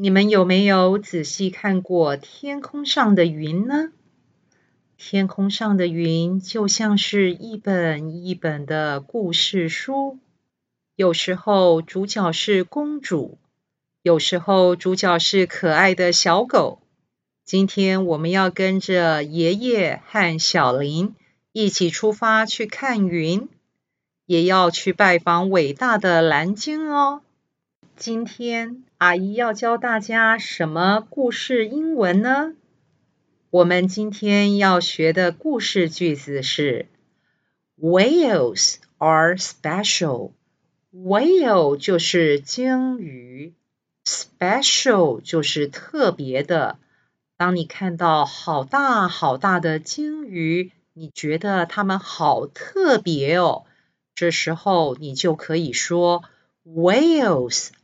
你們有沒有仔細看過天空上的雲呢？天空上的雲就像是一本一本的故事書，有時候主角是公主，有時候主角是可愛的小狗。今天我們要跟着爺爺和小霖一起出發去看雲，也要去拜訪偉大的藍鯨哦。今天阿姨要教大家什麼故事英文呢？我們今天要學的故事句子是：Whales are special. Whale 就是鯨魚，special 就是特別的。當你看到好大好大的鯨魚，你覺得它們好特別哦，這時候你就可以說 Whales。Wh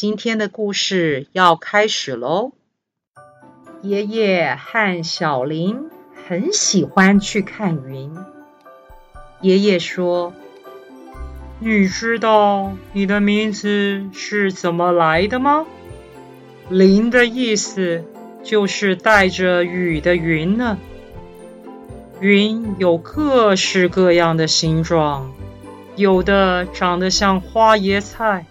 今天的故事要開始嘍。爺爺和小霖很喜歡去看雲。爺爺說：“你知道你的名字是怎麼來的嗎？”“霖”的意思就是帶着雨的雲呢。雲有各式各樣的形狀，有的長得像花椰菜。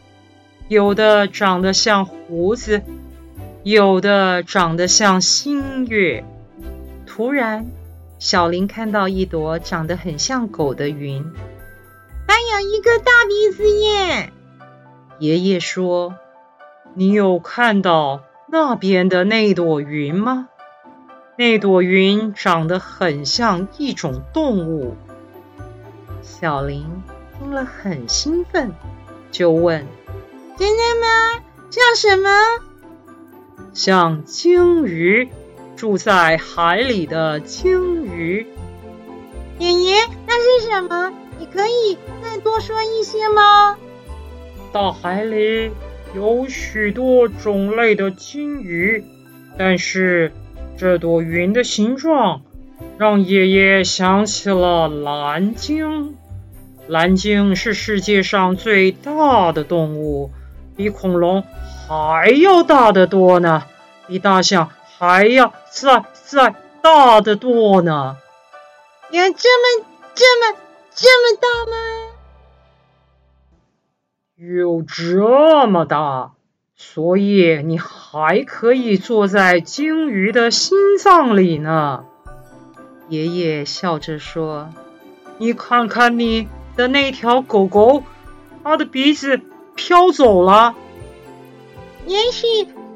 有的長得像鬍子，有的長得像星月。突然，小霖看到一朵長得很像狗的雲，還有一個大鼻子耶！爺爺說：“你有看到那邊的那朵雲嗎？那朵雲長得很像一種動物。”小霖聽了很興奮，就問。真的嗎？像什麼？像鯨魚，住在海裡的鯨魚。爺爺，那是什麼？你可以再多說一些嗎？大海裡有許多種類的鯨魚，但是這朵雲的形狀讓爺爺想起了藍鯨。藍鯨是世界上最大的動物。比恐龍還要大得多呢，比大象還要再再大得多呢。有這麼這麼這麼大嗎？有這麼大，所以你還可以坐在鯨魚的心臟裡呢。爺爺笑着說：“你看看你的那條狗狗，它的鼻子。”飄走了。也許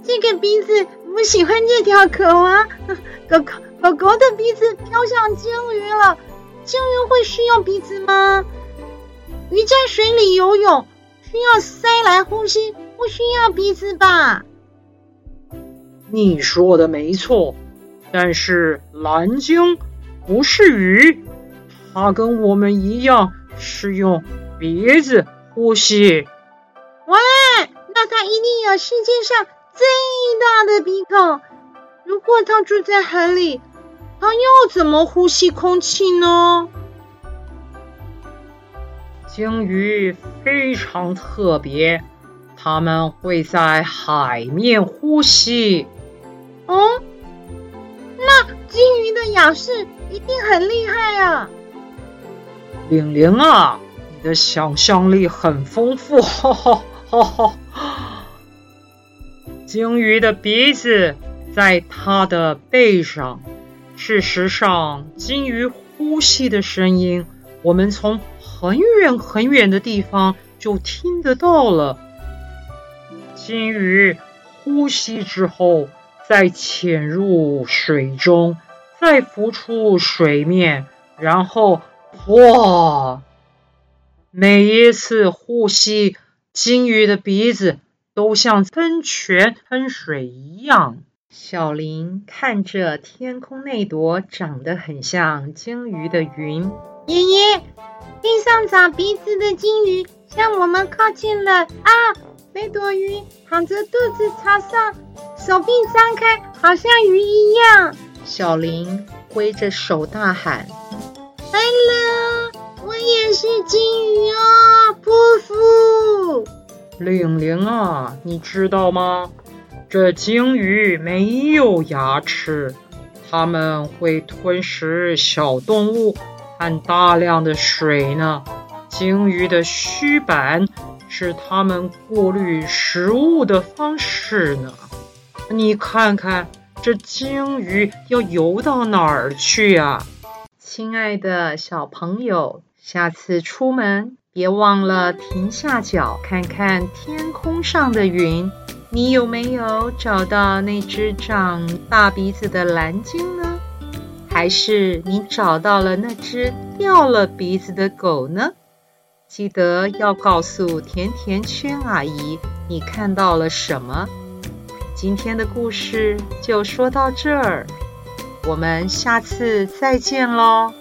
這個鼻子不喜歡這條狗啊。狗狗，狗狗的鼻子飄向鯨魚了。鯨魚會需要鼻子嗎？魚在水裡游泳，需要鰓來呼吸，不需要鼻子吧？你說的沒錯，但是藍鯨不是魚，它跟我們一樣是用鼻子呼吸。喂，那它一定有世界上最大的鼻孔。如果它住在海裡，它又怎麼呼吸空氣呢？鯨魚非常特別，它們會在海面呼吸。哦、嗯，那鯨魚的咬勢一定很厲害啊！霖霖啊，你的想象力很豐富、哦。哈哈，鯨魚的鼻子在它的背上。事實上，鯨魚呼吸的聲音，我們從很遠很遠的地方就聽得到了。鯨魚呼吸之後，再潛入水中，再浮出水面，然後，哇！每一次呼吸。鯨魚的鼻子都像噴泉噴水一樣。小林看着天空那朵長得很像鯨魚的雲，爺爺，地上長鼻子的鯨魚向我們靠近了啊！那朵雲躺着肚子朝上，手臂張開，好像魚一樣。小林揮着手大喊：“Hello，我也是鯨魚哦！”嗚嗚，霖霖啊，你知道嗎？這鯨魚沒有牙齒，他們會吞食小動物和大量的水呢。鯨魚的鬚板是它們過濾食物的方式呢。你看看這鯨魚要游到哪兒去啊？親愛的小朋友，下次出門。別忘了停下腳，看看天空上的雲。你有沒有找到那隻長大鼻子的藍鯨呢？還是你找到了那隻掉了鼻子的狗呢？記得要告訴甜甜圈阿姨，你看到了什麼。今天的故事就說到這兒，我們下次再見嘍。